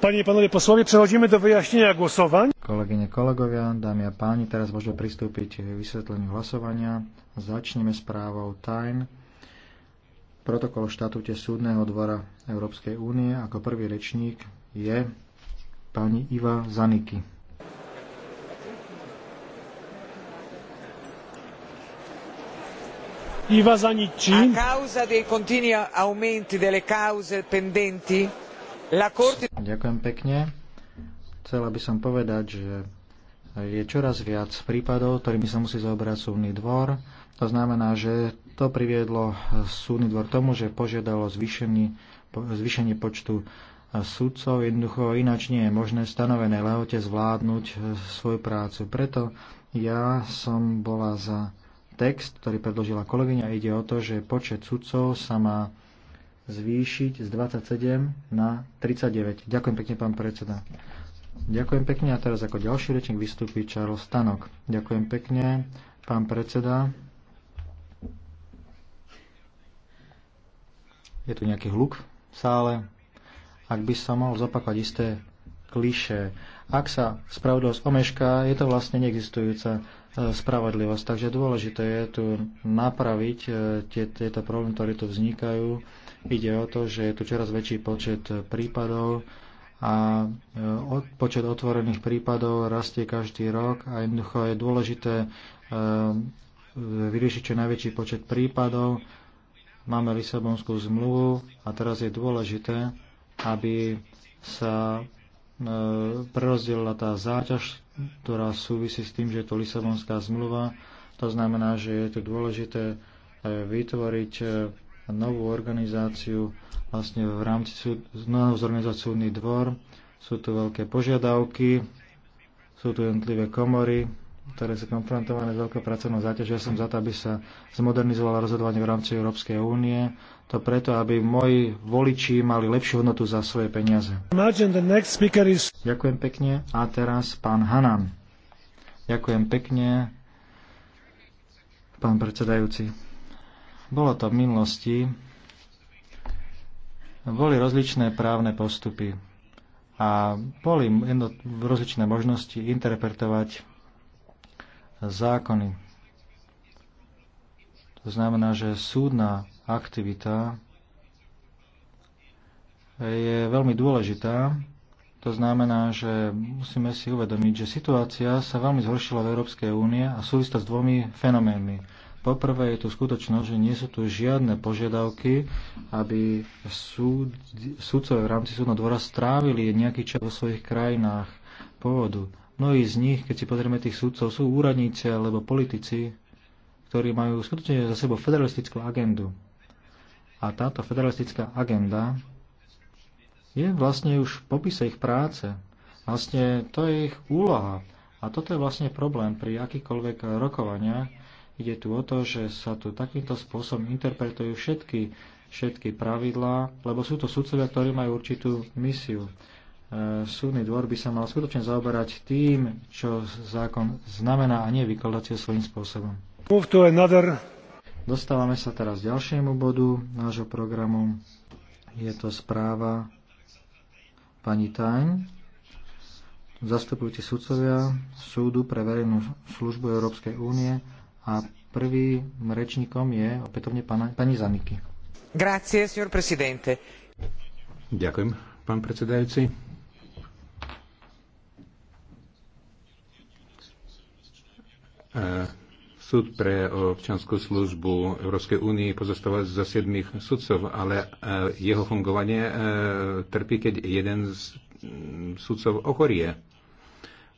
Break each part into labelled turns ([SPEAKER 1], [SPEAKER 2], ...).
[SPEAKER 1] Panie i panowie posłowie, przechodzimy do wyjaśnienia głosowań. Kolegyne, kolegovia, dámy a páni, teraz môžeme pristúpiť k vysvetleniu hlasovania. Začneme správou Time. Protokol o štatúte Súdneho dvora Európskej únie ako prvý rečník je pani Iva Zaniky. Iva Zanicci. A causa dei continui aumenti delle cause pendenti, la Corte Ďakujem pekne. Chcela by som povedať, že je čoraz viac prípadov, ktorými sa musí zaoberať súdny dvor. To znamená, že to priviedlo súdny dvor tomu, že požiadalo zvýšenie, zvýšenie počtu sudcov. Jednoducho ináč nie je možné stanovené lehote zvládnuť e, svoju prácu. Preto ja som bola za text, ktorý predložila kolegyňa. Ide o to, že počet sudcov sa má zvýšiť z 27 na 39. Ďakujem pekne, pán predseda. Ďakujem pekne a teraz ako ďalší rečník vystúpi Charles Stanok. Ďakujem pekne, pán predseda. Je tu nejaký hluk v sále. Ak by som mal zopakovať isté kliše. Ak sa spravodlivosť omešká, je to vlastne neexistujúca e, spravodlivosť. Takže dôležité je tu napraviť e, tieto problémy, ktoré tu vznikajú Ide o to, že je tu čoraz väčší počet prípadov a e, počet otvorených prípadov rastie každý rok a jednoducho je dôležité e, vyriešiť čo najväčší počet prípadov. Máme Lisabonskú zmluvu a teraz je dôležité, aby sa e, prerozdelila tá záťaž, ktorá súvisí s tým, že je to Lisabonská zmluva. To znamená, že je to dôležité vytvoriť novú organizáciu vlastne v rámci znovu zorganizovať súdny dvor. Sú tu veľké požiadavky, sú tu jednotlivé komory, ktoré sú konfrontované s veľkou pracovnou záťažou. Ja som za to, aby sa zmodernizovalo rozhodovanie v rámci Európskej únie. To preto, aby moji voliči mali lepšiu hodnotu za svoje peniaze. Is... Ďakujem pekne. A teraz pán Hanan. Ďakujem pekne, pán predsedajúci. Bolo to v minulosti. Boli rozličné právne postupy a boli rozličné možnosti interpretovať zákony. To znamená, že súdna aktivita je veľmi dôležitá. To znamená, že musíme si uvedomiť, že situácia sa veľmi zhoršila v Európskej únie a súvisí to s dvomi fenoménmi. Poprvé je tu skutočnosť, že nie sú tu žiadne požiadavky, aby súd, súdcovia v rámci súdneho dvora strávili nejaký čas vo svojich krajinách pôvodu. Mnohí z nich, keď si pozrieme tých súdcov, sú úradníci alebo politici, ktorí majú skutočne za sebou federalistickú agendu. A táto federalistická agenda je vlastne už v popise ich práce. Vlastne to je ich úloha. A toto je vlastne problém pri akýkoľvek rokovaniach, Ide tu o to, že sa tu takýmto spôsobom interpretujú všetky, všetky pravidlá, lebo sú to sudcovia, ktorí majú určitú misiu. E, súdny dvor by sa mal skutočne zaoberať tým, čo zákon znamená a nie vykladať svojím spôsobom. Dostávame sa teraz k ďalšiemu bodu nášho programu. Je to správa pani Tajn, zastupujúci sudcovia súdu pre verejnú službu Európskej únie a prvým rečníkom je opätovne pana, pani Zaniky. Grazie, signor presidente. Ďakujem, pán predsedajúci.
[SPEAKER 2] E, súd pre občanskú službu Európskej únie pozostáva zo siedmých sudcov, ale e, jeho fungovanie e, trpí, keď jeden z sudcov ochorie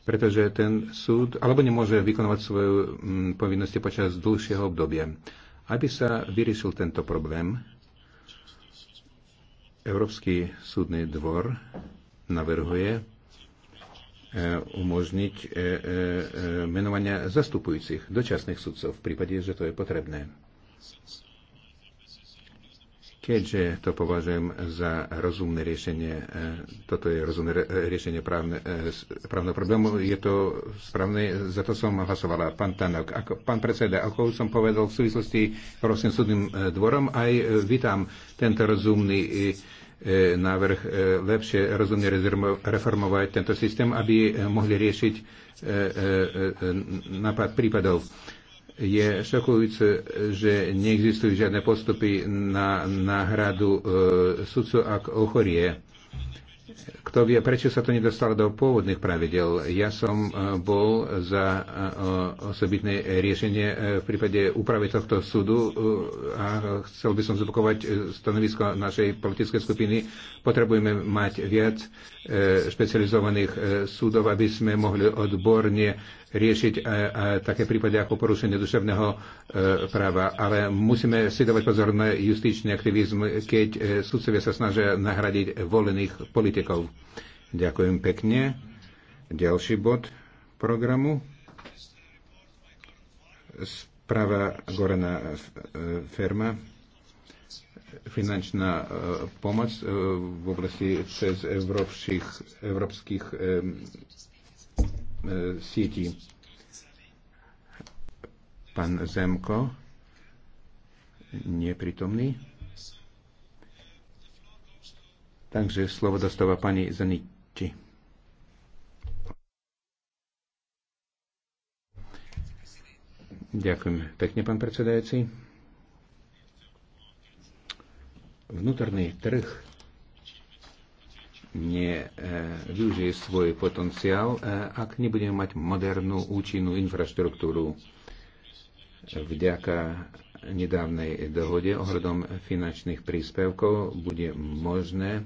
[SPEAKER 2] pretože ten súd alebo nemôže vykonovať svoju mm, povinnosti počas dlhšieho obdobia. Aby sa vyriešil tento problém, Európsky súdny dvor navrhuje e, umožniť e, e, menovania zastupujúcich dočasných sudcov v prípade, že to je potrebné. Keďže to považujem za rozumné riešenie, e, toto je rozumné riešenie právne, e, právneho problému, je to správne, za to som hlasovala. Pán Tanok, ako, pán predseda, ako som povedal v súvislosti s Európskym súdnym e, dvorom, aj vítam tento rozumný návrh lepšie rozumne reformovať tento systém, aby mohli riešiť napad prípadov. Je šokujúce, že neexistujú žiadne postupy na náhradu e, sudcu, ak ochorie. Kto vie, prečo sa to nedostalo do pôvodných pravidel? Ja som e, bol za e, osobitné riešenie e, v prípade úpravy tohto súdu a chcel by som zopakovať stanovisko našej politickej skupiny. Potrebujeme mať viac špecializovaných súdov, aby sme mohli odborne riešiť e, e, také prípady ako porušenie duševného e, práva. Ale musíme si dávať pozor na justičný aktivizm, keď e, sudcovia sa snažia nahradiť volených politikov. Ďakujem pekne. Ďalší bod programu. Správa Gorana e, Ferma. Finančná pomoc v oblasti cez európskych, európskych E, sieti. Pán Zemko, neprítomný. Takže slovo dostáva pani Zaniči. Ďakujem pekne, pán predsedajúci. Vnútorný trh nevyužije e, svoj potenciál, e, ak nebudeme mať modernú účinnú infraštruktúru. Vďaka nedávnej dohode ohľadom finančných príspevkov bude možné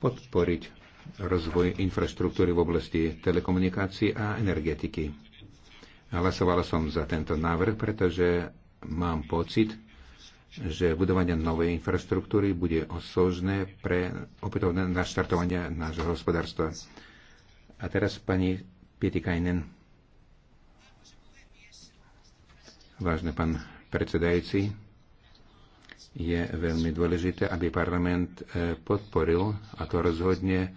[SPEAKER 2] podporiť rozvoj infraštruktúry v oblasti telekomunikácií a energetiky. Hlasovala som za tento návrh, pretože mám pocit, že budovanie novej infraštruktúry bude osožné pre opätovné naštartovanie nášho hospodárstva. A teraz pani Pietikainen. Vážne pán predsedajúci, je veľmi dôležité, aby parlament e, podporil, a to rozhodne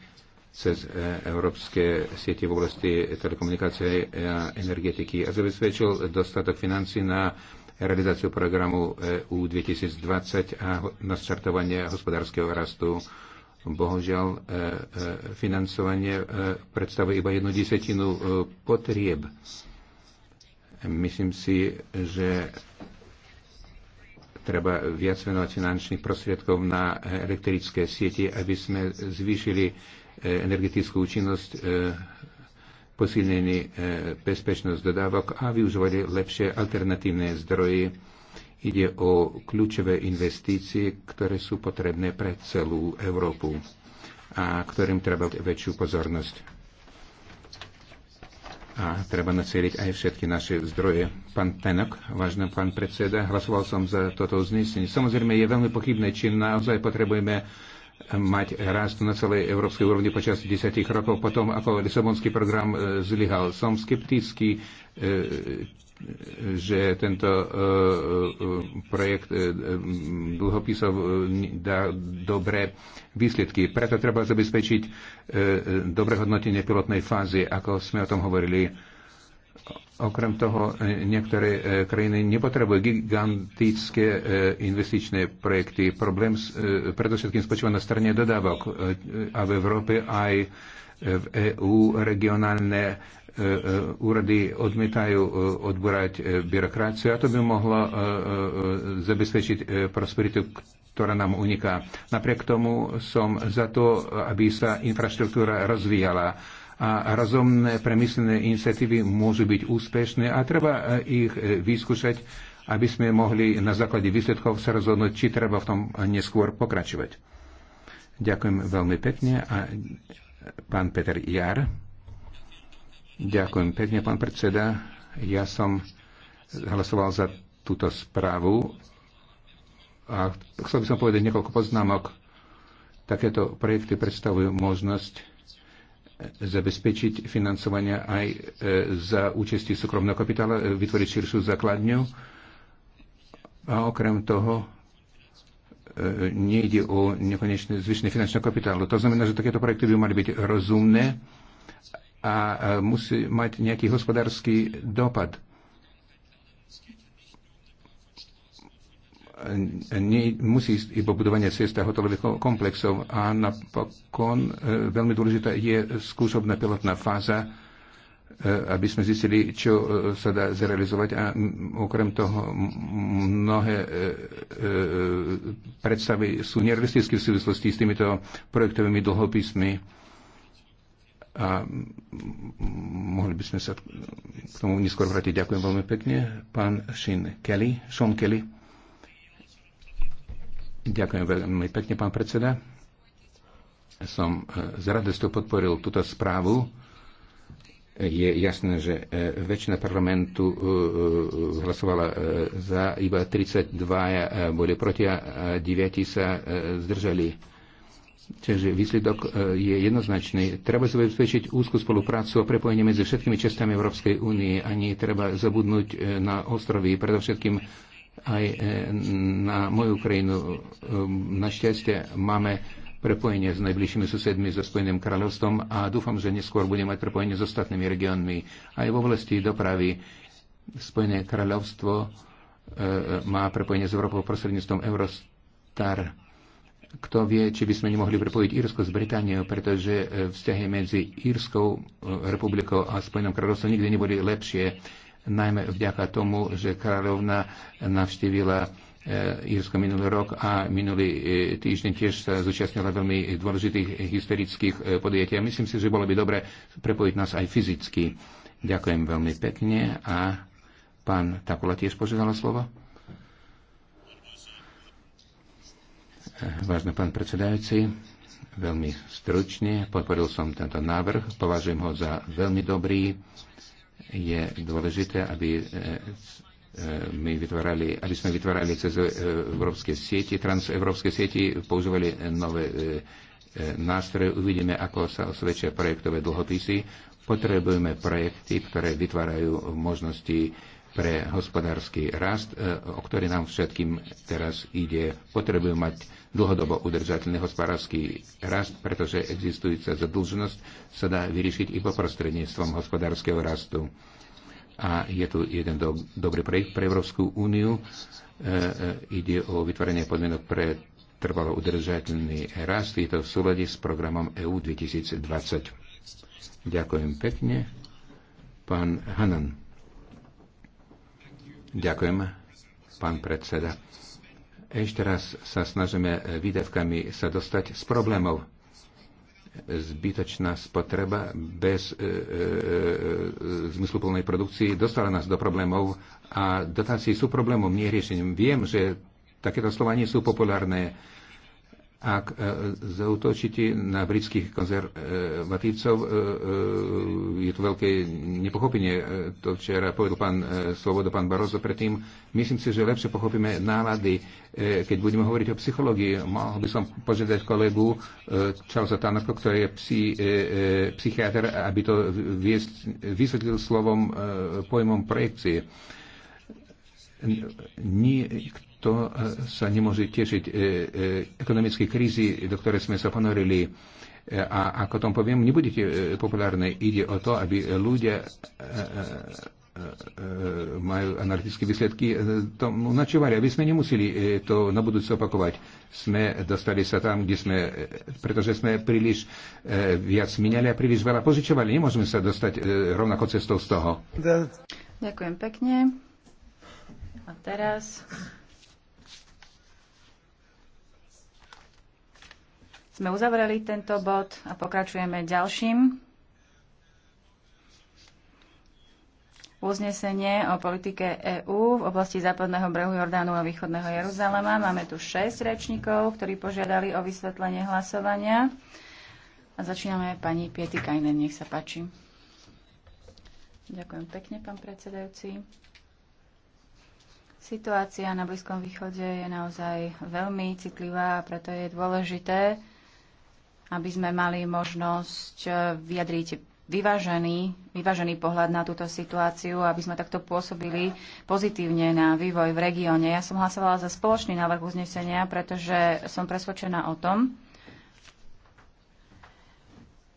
[SPEAKER 2] cez e, európske siete v oblasti telekomunikácie a energetiky a zabezpečil dostatok financí na realizáciu programu EU 2020 a nastartovanie hospodárskeho rastu. Bohužiaľ, e, e, financovanie e, predstavuje iba jednu desetinu potrieb. Myslím si, že treba viac venovať finančných prostriedkov na elektrické siete, aby sme zvýšili energetickú účinnosť posilnení e, bezpečnosť dodávok a využívali lepšie alternatívne zdroje. Ide o kľúčové investície, ktoré sú potrebné pre celú Európu a ktorým treba väčšiu pozornosť. A treba nacieliť aj všetky naše zdroje. Pán Tenok, vážny pán predseda, hlasoval som za toto uznesenie. Samozrejme, je veľmi pochybné, či naozaj potrebujeme mať rast na celej európskej úrovni počas desiatich rokov potom, ako Lisabonský program e, zlyhal. Som skeptický, e, že tento e, projekt dlhopisov dá dobré výsledky. Preto treba zabezpečiť dobré hodnotenie pilotnej fázy, ako sme o tom hovorili Okrem toho, e, niektoré e, krajiny nepotrebujú gigantické e, investičné projekty. Problém predovšetkým spočíva na strane dodávok a v Európe aj v EU regionálne úrady odmietajú odborať byrokraciu a to by mohlo zabezpečiť prosperitu, ktorá nám uniká. Napriek tomu som za to, aby sa infraštruktúra rozvíjala a rozumné premyslené iniciatívy môžu byť úspešné a treba e, ich e, vyskúšať, aby sme mohli na základe výsledkov sa rozhodnúť, či treba v tom neskôr pokračovať. Ďakujem veľmi pekne a e, pán Peter Jar. Ďakujem pekne, pán predseda. Ja som hlasoval za túto správu a chcel by som povedať niekoľko poznámok. Takéto projekty predstavujú možnosť zabezpečiť financovania aj e, za účasti súkromného kapitála, e, vytvoriť širšiu základňu a okrem toho e, nejde o nekonečné zvyšné finančné kapitálu. To znamená, že takéto projekty by mali byť rozumné a musí mať nejaký hospodársky dopad. E, nie, musí ísť i budovanie ciest a hotelových komplexov a napokon e, veľmi dôležitá je skúsobná pilotná fáza, e, aby sme zistili, čo sa dá zrealizovať a okrem toho mnohé predstavy sú nerealistické v súvislosti s týmito projektovými dlhopismi a mohli by sme sa k tomu neskôr vrátiť. Ďakujem veľmi pekne. Pán Shin Kelly, Sean Kelly. Ďakujem veľmi pekne, pán predseda. Som e, s radosťou podporil túto správu. Je jasné, že e, väčšina parlamentu e, hlasovala za, iba 32 boli proti a 9 sa zdržali. Čiže výsledok je jednoznačný. Treba zabezpečiť úzkú spoluprácu a prepojenie medzi všetkými čestami Európskej únie. Ani treba zabudnúť na ostrovy, predovšetkým aj e, na moju krajinu. E, našťastie máme prepojenie s najbližšími susedmi, so Spojeným kráľovstvom a dúfam, že neskôr budeme mať prepojenie s ostatnými regiónmi. Aj v oblasti dopravy Spojené kráľovstvo e, má prepojenie s Európou prostredníctvom Eurostar. Kto vie, či by sme nemohli prepojiť Írsko s Britániou, pretože vzťahy medzi Írskou republikou a Spojeným kráľovstvom nikdy neboli lepšie najmä vďaka tomu, že kráľovna navštívila e, Írsko minulý rok a minulý e, týždeň tiež sa zúčastnila veľmi dôležitých historických e, podujatí. A myslím si, že bolo by dobre prepojiť nás aj fyzicky. Ďakujem veľmi pekne a pán Takula tiež požiadala slovo. Vážne pán predsedajúci, veľmi stručne podporil som tento návrh, považujem ho za veľmi dobrý je dôležité, aby e, e, e, my vytvárali, aby sme vytvárali cez európske sieti, transeurópske sieti, používali nové nástroje, uvidíme, ako sa osvedčia projektové dlhopisy. Potrebujeme projekty, ktoré vytvárajú možnosti pre hospodársky rast, e, o ktorý nám všetkým teraz ide. Potrebujú mať dlhodobo udržateľný hospodársky rast, pretože existujúca zadlženosť sa dá vyriešiť iba prostredníctvom hospodárskeho rastu. A je tu jeden do, dobrý projekt pre Európsku úniu. E, e, ide o vytvorenie podmienok pre trvalo udržateľný rast. Je to v súlade s programom EU 2020. Ďakujem pekne. Pán Hanan. Ďakujem, pán predseda. Ešte raz sa snažíme e, výdavkami sa dostať z problémov. Zbytočná spotreba bez e e, e, e, zmysluplnej produkcii dostala nás do problémov a dotácie sú problémom, nie riešením. Viem, že takéto slova nie sú populárne ak e, zautočíte na britských konzervatívcov, e, e, je to veľké nepochopenie, to včera povedal pán Svoboda, pán Barozo predtým. Myslím si, že lepšie pochopíme nálady, keď budeme hovoriť o psychológii. Mohol by som požiadať kolegu Charlesa Tanaka, ktorý je psi, psychiatr, aby to vysvetlil slovom, pojmom projekcie. Nie, to e, sa nemôže tešiť e, e, ekonomickej krízy, do ktorej sme sa ponorili. A ako tom poviem, nebudete populárne. Ide o to, aby ľudia majú analytické výsledky, tomu načovali. aby sme nemuseli to na budúce opakovať. Sme dostali sa tam, kde sme, pretože sme príliš viac miniali a príliš veľa požičovali. Nemôžeme sa dostať rovnako cestou z toho.
[SPEAKER 3] Ďakujem pekne. A teraz sme uzavreli tento bod a pokračujeme ďalším. Uznesenie o politike EÚ v oblasti západného brehu Jordánu a východného Jeruzalema. Máme tu 6 rečníkov, ktorí požiadali o vysvetlenie hlasovania. A začíname pani Piety Kajnen, nech sa páči. Ďakujem pekne, pán predsedajúci. Situácia na Blízkom východe je naozaj veľmi citlivá a preto je dôležité, aby sme mali možnosť eh, vyjadriť vyvážený, vyvážený pohľad na túto situáciu, aby sme takto pôsobili pozitívne na vývoj v regióne. Ja som hlasovala za spoločný návrh uznesenia, pretože som presvedčená o tom,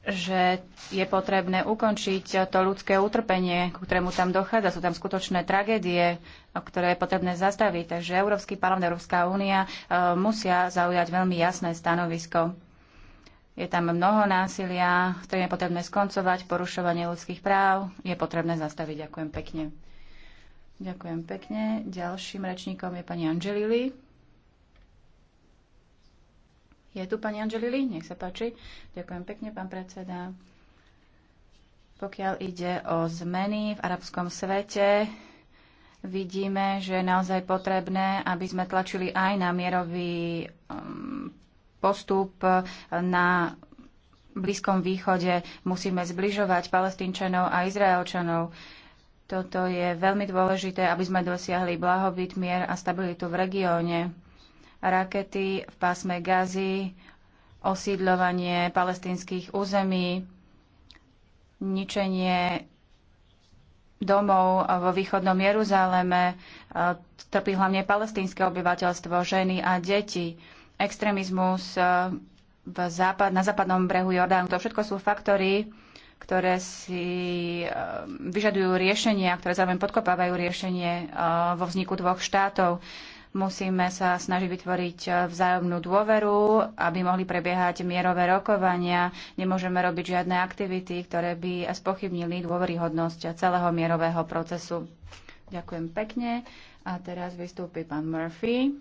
[SPEAKER 3] že je potrebné ukončiť to ľudské utrpenie, ku ktorému tam dochádza. Sú tam skutočné tragédie, ktoré je potrebné zastaviť. Takže Európsky parlament, Európska únia eh, musia zaujať veľmi jasné stanovisko. Je tam mnoho násilia, ktoré je potrebné skoncovať, porušovanie ľudských práv je potrebné zastaviť. Ďakujem pekne. Ďakujem pekne. Ďalším rečníkom je pani Angelili. Je tu pani Angelili? Nech sa páči. Ďakujem pekne, pán predseda. Pokiaľ ide o zmeny v arabskom svete, vidíme, že je naozaj potrebné, aby sme tlačili aj na mierový um, postup eh, na Blízkom východe. Musíme zbližovať palestínčanov a izraelčanov. Toto je veľmi dôležité, aby sme dosiahli blahobyt, mier a stabilitu v regióne. Rakety v pásme Gazy, osídľovanie palestínskych území, ničenie domov vo východnom Jeruzaleme, eh, trpí hlavne palestínske obyvateľstvo, ženy a deti extrémizmus eh, v západ, na západnom brehu Jordánu. To všetko sú faktory, ktoré si eh, vyžadujú riešenia, ktoré zároveň podkopávajú riešenie eh, vo vzniku dvoch štátov. Musíme sa snažiť vytvoriť vzájomnú dôveru, aby mohli prebiehať mierové rokovania. Nemôžeme robiť žiadne aktivity, ktoré by spochybnili dôveryhodnosť celého mierového procesu. Ďakujem pekne. A teraz vystúpi pán Murphy.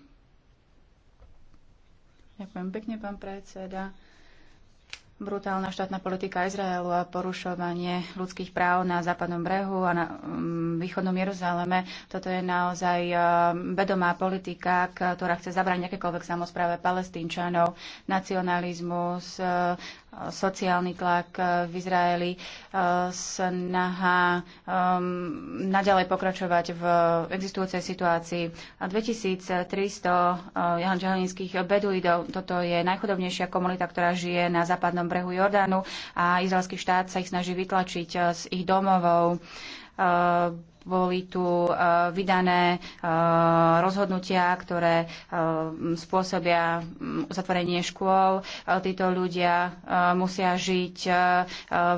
[SPEAKER 3] Ďakujem pekne, pán predseda. Brutálna štátna politika Izraelu a porušovanie ľudských práv na západnom brehu a na mm, východnom Jeruzaleme. Toto je naozaj e, vedomá politika, ktorá chce zabrať nejakékoľvek samozpráve palestínčanov, nacionalizmus, e, sociálny tlak eh, v Izraeli, eh, snaha ehm, naďalej pokračovať v existujúcej situácii. 2300 eh, Jahan beduidov, toto je najchudobnejšia komunita, ktorá žije na západnom brehu Jordánu a izraelský štát sa ich snaží vytlačiť z ich domovov boli tu e, vydané e, rozhodnutia, ktoré e, spôsobia mm, uzatvorenie škôl. Títo ľudia musia žiť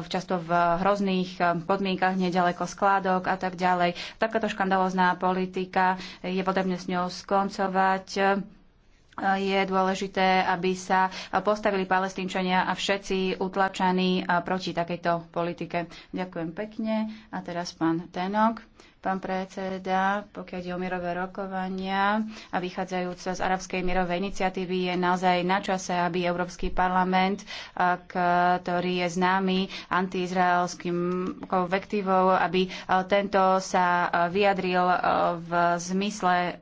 [SPEAKER 3] často v hrozných podmienkach, nedaleko skládok a tak ďalej. Takáto škandalozná politika je potrebné s ňou skoncovať je dôležité, aby sa postavili palestínčania a všetci utlačaní proti takejto politike. Ďakujem pekne. A teraz pán Tenok pán predseda, pokiaľ ide o mierové rokovania a vychádzajúca z arabskej mierovej iniciatívy je naozaj na čase, aby Európsky parlament, ktorý je známy antiizraelským vektívou, aby tento sa vyjadril v zmysle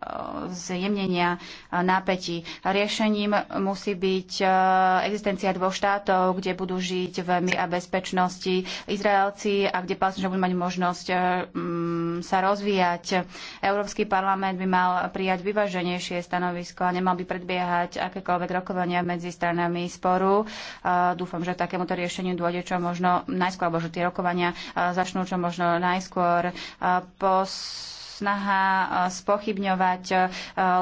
[SPEAKER 3] zjemnenia napätí. Riešením musí byť existencia dvoch štátov, kde budú žiť v mier a bezpečnosti Izraelci a kde palestinčania budú mať možnosť sa sa rozvíjať. Európsky parlament by mal prijať vyváženejšie stanovisko a nemal by predbiehať akékoľvek rokovania medzi stranami sporu. Dúfam, že takémuto riešeniu dôjde čo možno najskôr, alebo že tie rokovania začnú čo možno najskôr. Pos snaha e, spochybňovať e,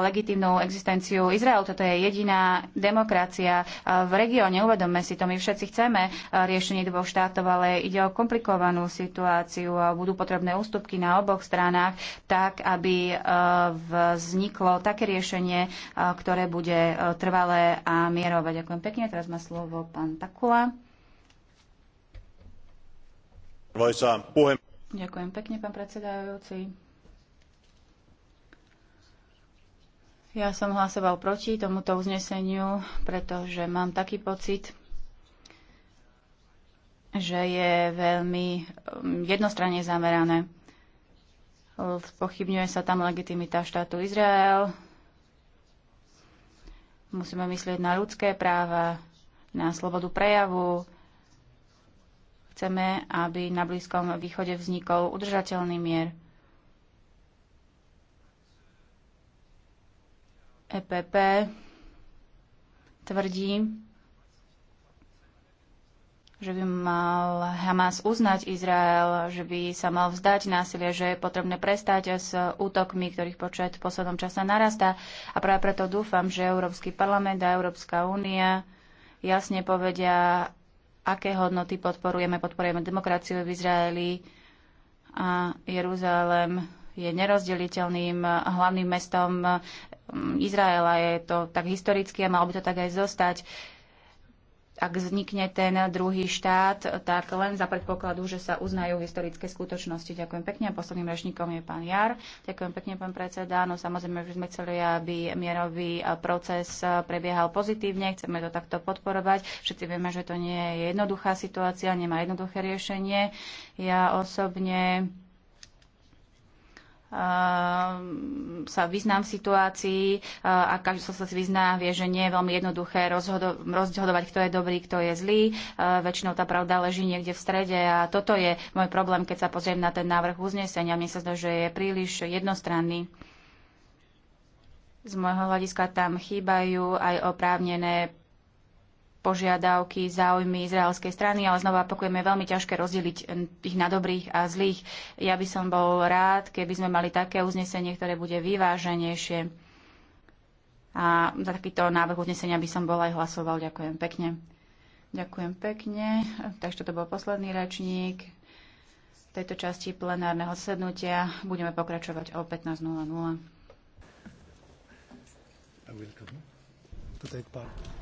[SPEAKER 3] legitimnú existenciu Izraelu. Toto je jediná demokracia e, v regióne. Uvedomme si to. My všetci chceme riešenie dvoch štátov, ale ide o komplikovanú situáciu a budú potrebné ústupky na oboch stranách, tak aby vzniklo také riešenie, ktoré bude trvalé a mierové. Ďakujem pekne. Teraz má slovo pán Takula. Ďakujem pekne, pán predsedajúci. Ja som hlasoval proti tomuto uzneseniu, pretože mám taký pocit, že je veľmi mm, jednostranne zamerané. Pochybňuje sa tam legitimita štátu Izrael. Musíme myslieť na ľudské práva, na slobodu prejavu. Chceme, aby na Blízkom východe vznikol udržateľný mier. EPP tvrdí, že by mal Hamas uznať Izrael, že by sa mal vzdať násilie, že je potrebné prestať s útokmi, ktorých počet v poslednom čase narastá. A práve preto dúfam, že Európsky parlament a Európska únia jasne povedia, aké hodnoty podporujeme. Podporujeme demokraciu v Izraeli a Jeruzalem je nerozdeliteľným hlavným mestom um, Izraela. Je to tak historicky a malo by to tak aj zostať. Ak vznikne ten druhý štát, tak len za predpokladu, že sa uznajú historické skutočnosti. Ďakujem pekne. A posledným rečníkom je pán Jar. Ďakujem pekne, pán predseda. No samozrejme, že sme chceli, aby mierový proces prebiehal pozitívne. Chceme to takto podporovať. Všetci vieme, že to nie je jednoduchá situácia, nemá jednoduché riešenie. Ja osobne Ehm, sa vyznám v situácii eh, a každý, sa vyzná, vie, že nie je veľmi jednoduché rozhodo- rozhodovať, kto je dobrý, kto je zlý. Eh, väčšinou tá pravda leží niekde v strede a toto je môj problém, keď sa pozriem na ten návrh uznesenia. Mne sa zdá, že je príliš jednostranný. Z môjho hľadiska tam chýbajú aj oprávnené požiadavky, záujmy izraelskej strany, ale znova opakujeme, veľmi ťažké rozdeliť ich na dobrých a zlých. Ja by som bol rád, keby sme mali také uznesenie, ktoré bude vyváženejšie. A za takýto návrh uznesenia by som bol aj hlasoval. Ďakujem pekne. Ďakujem pekne. Takže to bol posledný rečník tejto časti plenárneho sednutia. Budeme pokračovať o 15.00.
[SPEAKER 1] I will come to take part.